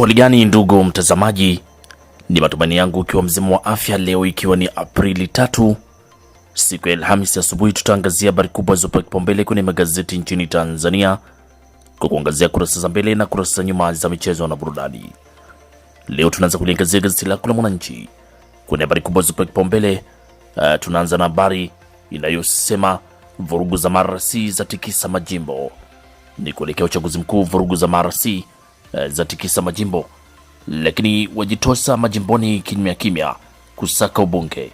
Uligani ndugu mtazamaji, ni matumaini yangu ukiwa mzima wa afya leo, ikiwa ni Aprili tatu, siku ya Alhamisi asubuhi, tutaangazia habari kubwa zopa kipaumbele kwenye magazeti nchini Tanzania kwa kuangazia kurasa za mbele na kurasa za nyuma za michezo na burudani. Leo tunaanza kuliangazia gazeti lako la Mwananchi kwenye habari kubwa zopa kipaumbele. Uh, tunaanza na habari inayosema vurugu za marasi za tikisa majimbo, ni kuelekea uchaguzi mkuu. Vurugu za marasi Eh, zatikisa majimbo, lakini wajitosa majimboni kimya kimya kusaka ubunge.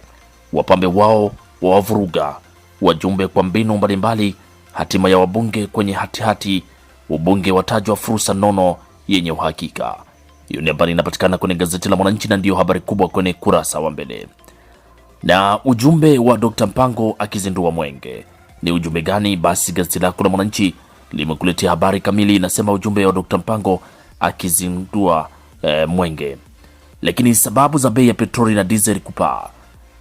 Wapambe wao wawavuruga wajumbe kwa mbinu mbalimbali. Hatima ya wabunge kwenye hatihati, ubunge watajwa fursa nono yenye uhakika. Hiyo ni habari inapatikana kwenye gazeti la Mwananchi na ndiyo habari kubwa kwenye kurasa wa mbele. Na ujumbe wa Dr. Mpango akizindua Mwenge ni ujumbe gani? Basi gazeti lako la Mwananchi limekuletea habari kamili, inasema ujumbe wa Dr. Mpango akizindua e, mwenge. Lakini sababu za bei ya petroli na dizeli kupaa,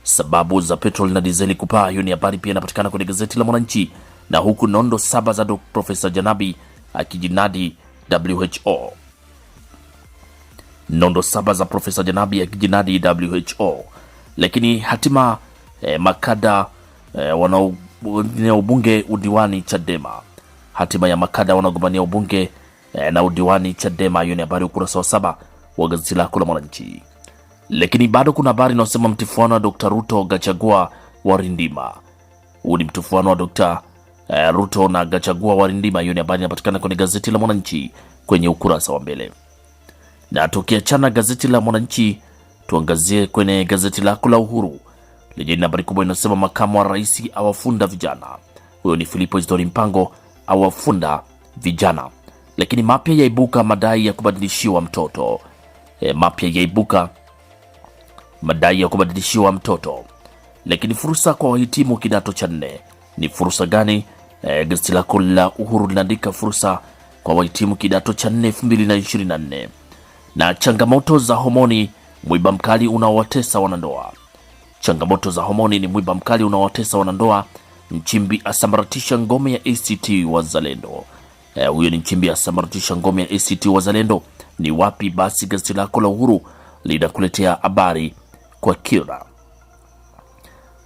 sababu za petroli na dizeli kupaa, hiyo ni habari pia inapatikana kwenye gazeti la Mwananchi, na huku nondo saba za Dr. Profesa Janabi akijinadi WHO, nondo saba za Profesa Janabi akijinadi WHO. Lakini hatima e, makada e, wanaogombania ubunge udiwani Chadema, hatima ya makada wanaogombania ubunge E, na udiwani Chadema. Hiyo ni habari ukurasa wa saba wa gazeti lako la Mwananchi. Lakini bado kuna habari inayosema mtifuano wa Dr. Ruto Gachagua warindima. Huu ni mtifuano wa Dr. E, Ruto na Gachagua warindima. Hiyo ni habari inapatikana kwenye gazeti la Mwananchi kwenye ukurasa wa mbele. Na tukiachana gazeti la Mwananchi, tuangazie kwenye gazeti lako la Uhuru lenye habari kubwa inasema makamu wa rais awafunda vijana. Huyo ni Filipo Isdori Mpango awafunda vijana lakini mapya yaibuka madai ya kubadilishiwa mtoto. E, mapya yaibuka madai ya kubadilishiwa mtoto. Lakini fursa kwa wahitimu kidato cha nne ni fursa gani? E, gazeti lako la Uhuru linaandika fursa kwa wahitimu kidato cha nne 2024 na changamoto za homoni mwiba mkali unaowatesa wanandoa. Changamoto za homoni ni mwiba mkali unaowatesa wanandoa. Mchimbi asambaratisha ngome ya ACT Wazalendo. Eh, huyo ni Mchimbi asambaratisha ngome ya ACT Wazalendo. Ni wapi basi gazeti lako la Uhuru linakuletea habari kwa kila,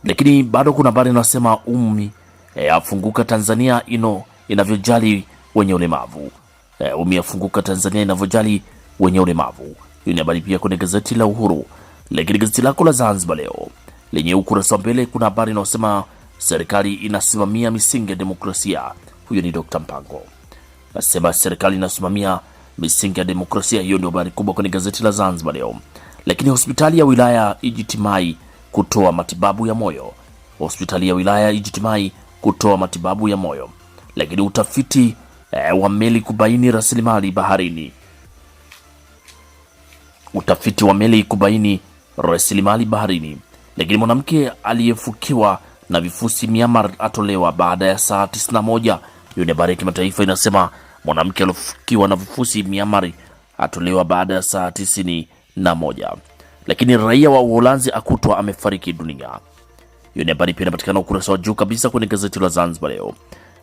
lakini bado kuna habari inasema umi e, eh, afunguka Tanzania ino inavyojali wenye ulemavu e, eh, umi afunguka Tanzania inavyojali wenye ulemavu. Hiyo ni habari pia kwenye gazeti la Uhuru. Lakini gazeti lako la Zanzibar Leo lenye ukurasa wa mbele kuna habari inayosema serikali inasimamia misingi ya demokrasia. Huyo ni Dr. Mpango nasema serikali inasimamia misingi ya demokrasia. Hiyo ndio habari kubwa kwenye gazeti la Zanzibar Leo. Lakini hospitali ya wilaya ijitimai kutoa matibabu ya moyo, hospitali ya wilaya ijitimai kutoa matibabu ya moyo. Lakini utafiti eh, wa meli kubaini rasilimali baharini, utafiti wa meli kubaini rasilimali baharini. Lakini mwanamke aliyefukiwa na vifusi Myanmar atolewa baada ya saa 91 hiyo ni habari ya kimataifa inasema mwanamke alofukiwa na vifusi miamari atolewa baada ya saa tisini na moja. Lakini raia wa Uholanzi akutwa amefariki dunia. Hiyo ni habari pia inapatikana ukurasa wa juu kabisa kwenye gazeti la Zanzibar Leo.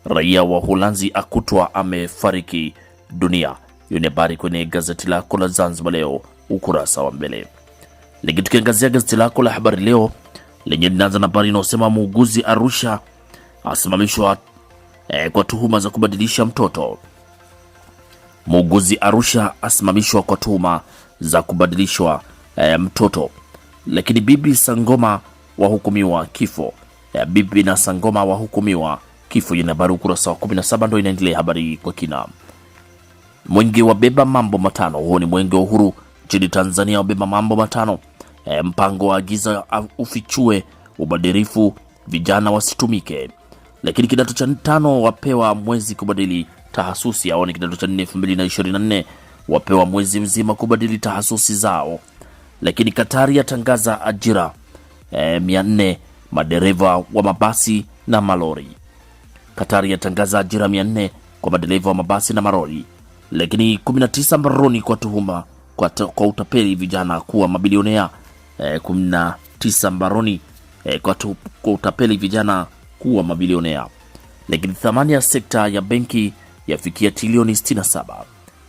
Raia wa Uholanzi akutwa amefariki dunia. Hiyo ni habari kwenye gazeti lako la Zanzibar Leo ukurasa wa mbele. Lakini tukiangazia gazeti lako la Habari Leo lenye linaanza na habari inayosema muuguzi Arusha asimamishwa eh, kwa tuhuma za kubadilisha mtoto. Muuguzi Arusha asimamishwa kwa tuhuma za kubadilishwa eh, mtoto. Lakini bibi Sangoma wahukumiwa kifo. Eh, bibi na Sangoma wahukumiwa kifo. Ina habari ukurasa wa 17 ndo inaendelea habari kwa kina. Mwenge wabeba mambo matano. Huo ni mwenge wa uhuru nchini Tanzania, wabeba mambo matano. E, mpango wa agiza ufichue ubadirifu, vijana wasitumike lakini kidato cha tano wapewa mwezi kubadili tahasusi, au ni kidato cha nne 2024 wapewa mwezi mzima kubadili tahasusi zao. Lakini Katari yatangaza ajira e, 400 madereva wa mabasi na malori. Katari yatangaza ajira 400 kwa madereva wa mabasi na malori. Lakini 19 mbaroni kwa tuhuma kwa, kwa utapeli vijana kuwa mabilionea e, 19 mbaroni e, kwa, tu, kwa utapeli vijana kuwa mabilionea, lakini thamani ya sekta ya benki yafikia trilioni 67.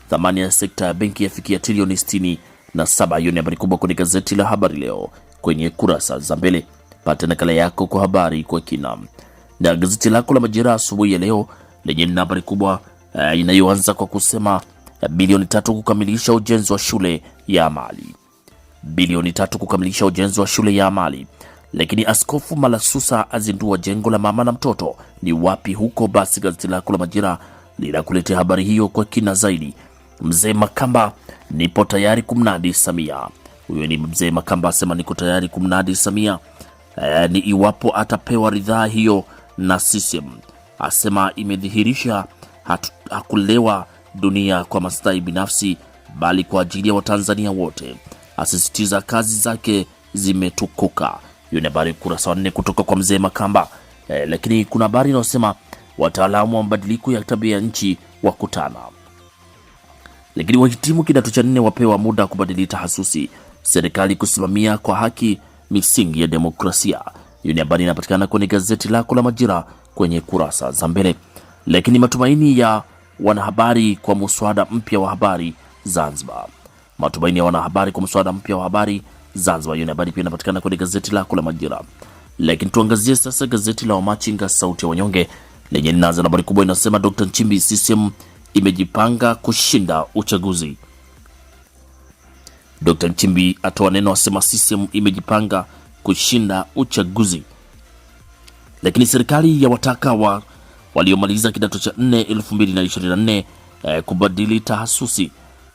Thamani ya sekta ya benki yafikia trilioni 67. Hiyo ni habari kubwa kwenye gazeti la Habari Leo kwenye kurasa za mbele. Pata nakala yako kwa habari kwa kina na gazeti lako la Majira asubuhi ya leo lenye lina habari kubwa uh, inayoanza kwa kusema uh, bilioni tatu kukamilisha ujenzi wa shule ya amali, bilioni tatu kukamilisha ujenzi wa shule ya amali. Lakini Askofu Malasusa azindua jengo la mama na mtoto ni wapi huko? Basi gazeti lako la Majira linakuletea habari hiyo kwa kina zaidi. Mzee Makamba, nipo tayari kumnadi Samia. Huyo ni Mzee Makamba asema niko tayari kumnadi Samia e, ni iwapo atapewa ridhaa hiyo na CCM. Asema imedhihirisha hakulewa dunia kwa maslahi binafsi bali kwa ajili ya Watanzania wote. Asisitiza kazi zake zimetukuka. Hiyo ni habari kurasa nne kutoka kwa mzee Makamba. Eh, lakini kuna habari inayosema wataalamu wa mabadiliko ya tabia ya nchi wakutana. Lakini wahitimu kidato cha nne wapewa muda kubadili tahasusi. Serikali kusimamia kwa haki misingi ya demokrasia. Hiyo ni habari inapatikana kwenye gazeti lako la Majira kwenye kurasa za mbele. Lakini matumaini ya wanahabari kwa muswada mpya wa habari Zanzibar. Matumaini ya wanahabari kwa muswada mpya wa habari Zanzibar. Hiyo ni habari pia inapatikana kwenye gazeti lako la Majira. Lakini tuangazie sasa gazeti la Wamachinga, sauti ya wanyonge, lenye linaanza habari kubwa inasema, Dr Nchimbi, CCM imejipanga kushinda uchaguzi. Dr Nchimbi atoa neno, asema CCM imejipanga kushinda uchaguzi. Lakini serikali ya wataka wa waliomaliza kidato cha 4 2024 eh, kubadili tahasusi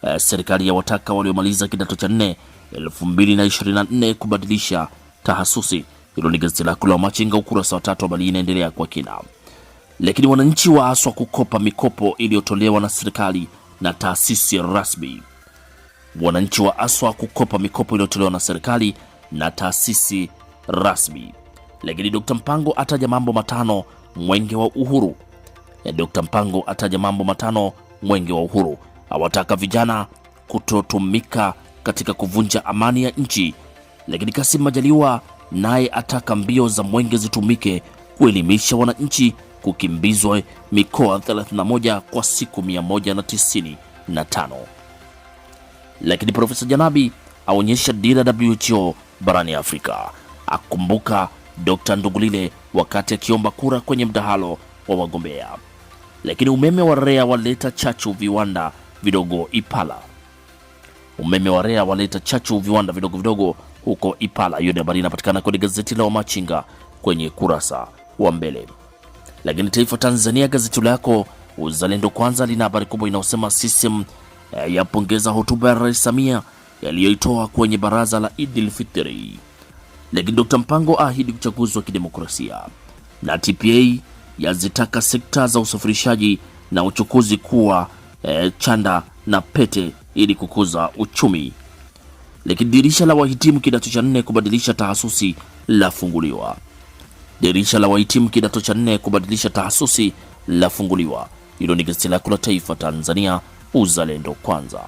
Eh, serikali ya wataka waliomaliza kidato cha nne 2024 kubadilisha tahasusi. Hilo ni gazeti lako la Machinga ukurasa wa tatu, bali inaendelea kwa kina. Lakini wananchi waaswa kukopa mikopo iliyotolewa na serikali na taasisi rasmi. Wananchi waaswa kukopa mikopo iliyotolewa na serikali na taasisi rasmi. Lakini Dr. Mpango ataja mambo matano mwenge wa uhuru. Eh, Dr. Mpango ataja mambo matano mwenge wa uhuru awataka vijana kutotumika katika kuvunja amani ya nchi, lakini Kassim Majaliwa naye ataka mbio za mwenge zitumike kuelimisha wananchi kukimbizwa mikoa 31 kwa siku 195. Lakini Profesa Janabi aonyesha dira WHO barani Afrika, akumbuka Dr. Ndugulile wakati akiomba kura kwenye mdahalo wa wagombea. Lakini umeme wa REA waleta chachu viwanda vidogo Ipala. Umeme wa REA waleta chachu viwanda vidogo vidogo huko Ipala. Hiyo ni habari inapatikana kwenye gazeti la Wamachinga kwenye kurasa wa mbele. Lakini Taifa Tanzania, gazeti lako Uzalendo Kwanza, lina habari kubwa inayosema CCM eh, yapongeza hotuba ya Rais Samia yaliyoitoa kwenye baraza la Idil Fitri. Lakini Dr Mpango aahidi uchaguzi wa kidemokrasia na TPA yazitaka sekta za usafirishaji na uchukuzi kuwa e, chanda na pete ili kukuza uchumi. Lakini dirisha la wahitimu kidato cha nne kubadilisha tahasusi lafunguliwa. Dirisha la wahitimu kidato cha nne kubadilisha tahasusi lafunguliwa. Hilo ni gazeti lako la Taifa Tanzania, uzalendo kwanza.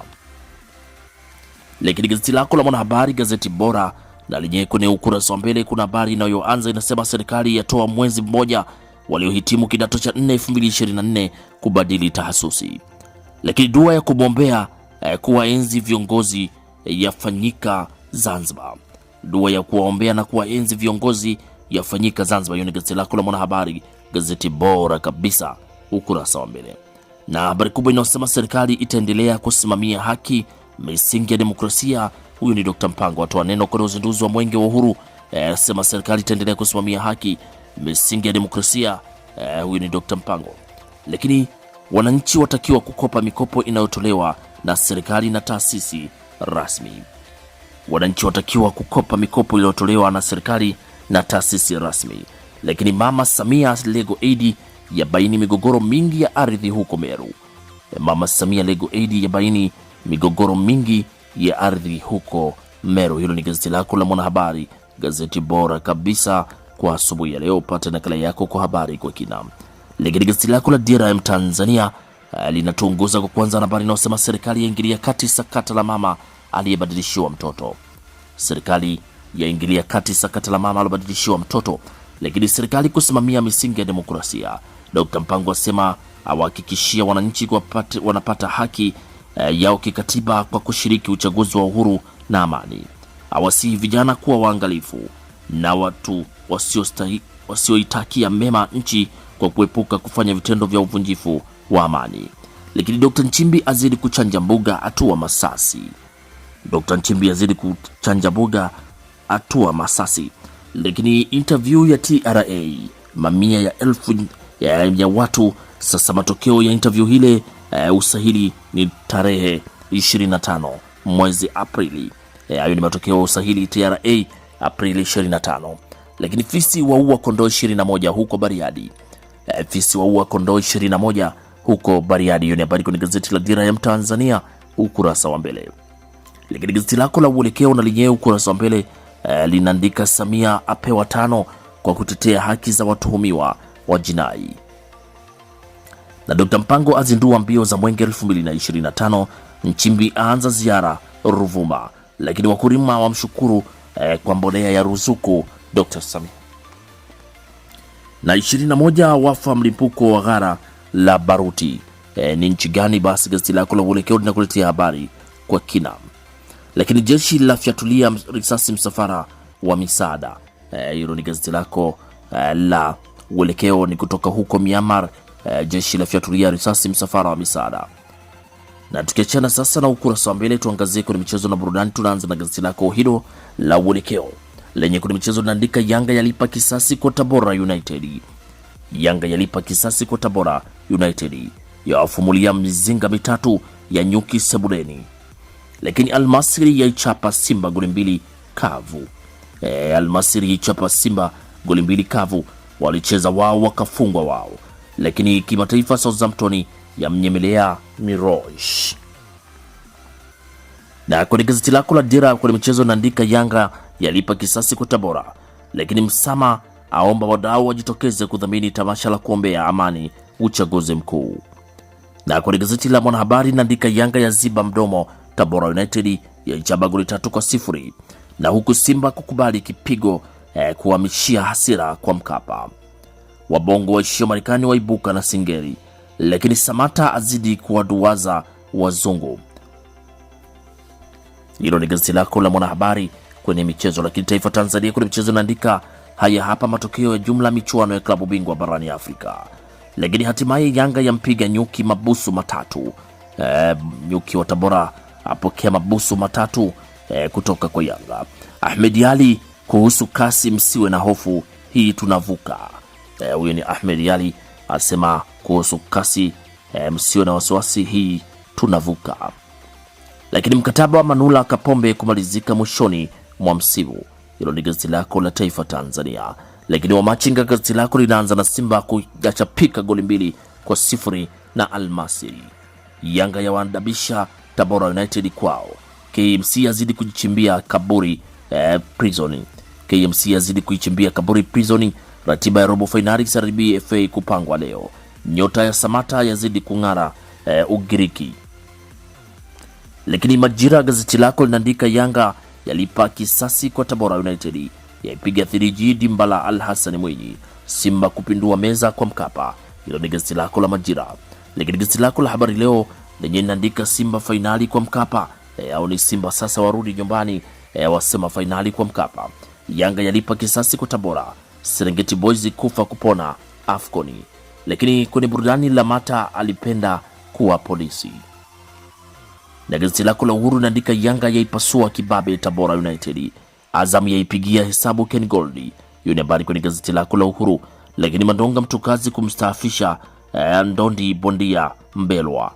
Lakini gazeti lako la Mwanahabari, gazeti bora, na lenyewe kwenye ukurasa wa mbele kuna habari inayoanza inasema, serikali yatoa mwezi mmoja waliohitimu kidato cha 4 2024 kubadili tahasusi. Lakini dua ya kumwombea eh, kuwaenzi viongozi eh, yafanyika Zanzibar. Dua ya kuwaombea na kuwaenzi viongozi yafanyika Zanzibar. Hiyo ni gazeti lako la Mwanahabari, gazeti bora kabisa, ukurasa wa mbele, na habari kubwa inayosema serikali itaendelea kusimamia haki, misingi ya demokrasia. Huyu ni Dr. Mpango atoa neno kwenye uzinduzi wa mwenge wa uhuru, asema eh, serikali itaendelea kusimamia haki, misingi ya demokrasia. Eh, huyu ni Dr. Mpango, lakini wananchi watakiwa kukopa mikopo inayotolewa na serikali na taasisi rasmi. Wananchi watakiwa kukopa mikopo iliyotolewa na serikali na taasisi rasmi. Lakini Mama Samia Lego Aid baini migogoro mingi ya ardhi huko Meru. Mama Samia Lego Aid baini migogoro mingi ya ardhi huko Meru. Hilo ni gazeti lako la Mwanahabari, gazeti bora kabisa kwa asubuhi ya leo. Pata nakala yako kwa habari kwa kinam lakini gazeti lako la DRM Tanzania eh, linatuongoza kwa kwanza habari inayosema serikali yaingilia kati sakata la mama aliyebadilishiwa mtoto. Serikali yaingilia kati sakata la mama aliyebadilishiwa mtoto, lakini serikali kusimamia misingi ya demokrasia. Dr. Mpango asema awahakikishia wananchi wanapata haki eh, yao kikatiba kwa kushiriki uchaguzi wa uhuru na amani. Awasihi vijana kuwa waangalifu na watu wasioitakia wasio mema nchi kwa kuepuka kufanya vitendo vya uvunjifu wa amani. Lakini Dr. Nchimbi azidi kuchanja mbuga, atua Masasi. Dr. Nchimbi azidi kuchanja mbuga, atua Masasi. Lakini interview ya TRA, mamia ya elfu ya, ya watu sasa. Matokeo ya interview ile uh, eh, usahili ni tarehe 25 mwezi Aprili. Eh, hayo ni matokeo ya usahili TRA Aprili 25. Lakini fisi waua kondoo 21 huko Bariadi. Eh, visiwaua kondoo 21 huko Bariadi. Hiyo ni habari kwenye gazeti la Dira ya Mtanzania ukurasa wa mbele, lakini gazeti lako la Uelekeo na lenyewe ukurasa wa mbele eh, linaandika Samia apewa tano kwa kutetea haki za watuhumiwa wa jinai, na Dr. Mpango azindua mbio za mwenge 2025. Nchimbi aanza ziara Ruvuma, lakini wakulima wamshukuru eh, kwa mbolea ya ruzuku Dr. Samia na 21 wafa mlipuko wa ghara la baruti. E, ni nchi gani? Basi gazeti lako la Uelekeo linakuletea habari kwa kina. Lakini jeshi la lafyatulia risasi msafara wa misaada. E, hilo e, ni gazeti lako e, la Uelekeo, ni kutoka huko Myanmar. E, jeshi la lafyatulia risasi msafara wa misaada. Na tukiachana sasa na ukurasa wa mbele, tuangazie kwenye michezo na burudani. Tunaanza na gazeti lako hilo la Uelekeo lenye kundi michezo linaandika Yanga yalipa kisasi kwa Tabora United. Yanga yalipa kisasi kwa Tabora United, yawafumulia mizinga mitatu ya nyuki sebuleni. Lakini Almasiri yaichapa Simba goli mbili kavu. E, Almasiri yaichapa Simba goli mbili kavu, walicheza wao wakafungwa wao. Lakini kimataifa, Southampton yamnyemelea Mirosh. Na kwenye gazeti lako la Dira kwenye michezo naandika Yanga yalipa kisasi kwa Tabora, lakini Msama aomba wadau wajitokeze kudhamini tamasha la kuombea amani uchaguzi mkuu. Na kwenye gazeti la Mwanahabari inaandika Yanga ya ziba mdomo Tabora United yaichaba goli tatu kwa sifuri, na huku Simba kukubali kipigo eh, kuhamishia hasira kwa Mkapa. Wabongo waishio Marekani waibuka na singeri lakini Samata azidi kuwaduaza wazungu. Hilo ni gazeti lako la Mwanahabari kwenye michezo. Lakini Taifa Tanzania kwenye michezo inaandika haya hapa matokeo ya jumla michuano ya klabu bingwa barani Afrika. Lakini hatimaye Yanga yampiga nyuki mabusu matatu. E, nyuki wa Tabora apokea mabusu matatu e, kutoka kwa Yanga. Ahmed Ali kuhusu kasi, msiwe na hofu, hii tunavuka. Eh, huyo e, ni Ahmed Ali asema kuhusu kasi e, msiwe na wasiwasi, hii tunavuka. Lakini mkataba wa Manula Kapombe kumalizika mwishoni mwa msimu. Hilo ni gazeti lako la Taifa Tanzania. Lakini Wamachinga, gazeti lako linaanza na Simba kuyachapika goli mbili kwa sifuri na Almasiri. Yanga yawaadabisha Tabora United kwao. KMC yazidi kujichimbia kaburi eh, prison. KMC yazidi kuichimbia kaburi prison. Ratiba ya robo fainali CRB FA kupangwa leo. Nyota ya Samata yazidi kung'ara eh, Ugiriki. Lakini Majira gazeti lako linaandika Yanga yalipa kisasi kwa Tabora United, yaipiga 3G dimba la Al Hassan Mwinyi, Simba kupindua meza kwa Mkapa. Hilo ni gazeti lako la Majira. Lakini gazeti lako la Habari Leo lenye linaandika Simba fainali kwa Mkapa, e, au ni Simba sasa warudi nyumbani, e, wasema fainali kwa Mkapa. Yanga yalipa kisasi kwa Tabora, Serengeti Boys kufa kupona Afconi. Lakini kwenye burudani, Lamata alipenda kuwa polisi na gazeti lako la Uhuru linaandika Yanga yaipasua kibabe Tabora United, Azam yaipigia hesabu Ken Gold. Hiyo ni habari kwenye gazeti lako la Uhuru. Lakini Mandonga kazi kumstaafisha eh, Ndondi bondia Mbelwa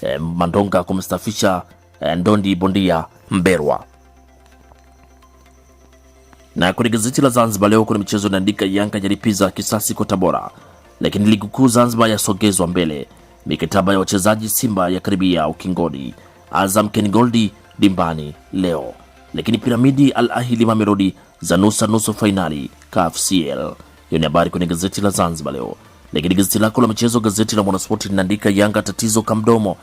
eh, Mandonga kumstaafisha eh, Ndondi bondia Mbelwa. Na kwenye gazeti la Zanzibar leo kuna michezo inaandika Yanga yalipiza kisasi kwa Tabora, lakini ligi kuu Zanzibar yasogezwa mbele, mikataba ya wachezaji Simba ya karibia ukingoni Azam Ken Goldi dimbani leo. Lakini Piramidi Al Ahili mamerodi za nusa nusu fainali KFCL. Hiyo ni habari kwenye gazeti la Zanzibar leo. Lakini gazeti lako la michezo, gazeti la Mwanaspoti linaandika Yanga tatizo kamdomo.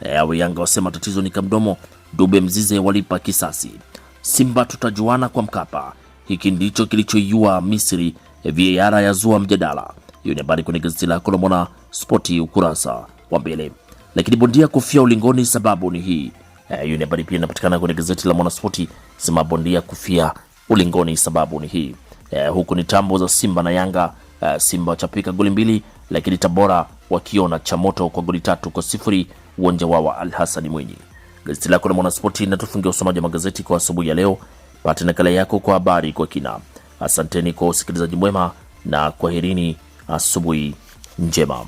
Ewe eh, Yanga wasema tatizo ni kamdomo. Dube Mzize walipa kisasi. Simba tutajuana kwa Mkapa. Hiki ndicho kilichoiua Misri. VAR yazua mjadala. Hiyo ni habari kwenye gazeti lako la Mwanaspoti ukurasa wa mbele lakini bondia kufia ulingoni, sababu ni hii. Eh, hiyo ni habari pia inapatikana kwenye gazeti la Mwanaspoti, sema bondia kufia ulingoni, sababu ni hii. Eh, huku ni tambo za Simba na Yanga, eh, Simba wachapika goli mbili, lakini Tabora wakiona cha moto kwa goli tatu kwa sifuri uwanja wao wa Al Mwinyi. Gazeti lako la Mwanaspoti natufungia usomaji wa magazeti kwa asubuhi ya leo. Pate nakala yako kwa habari kwa kina. Asanteni kwa usikilizaji mwema na kwaherini, asubuhi njema.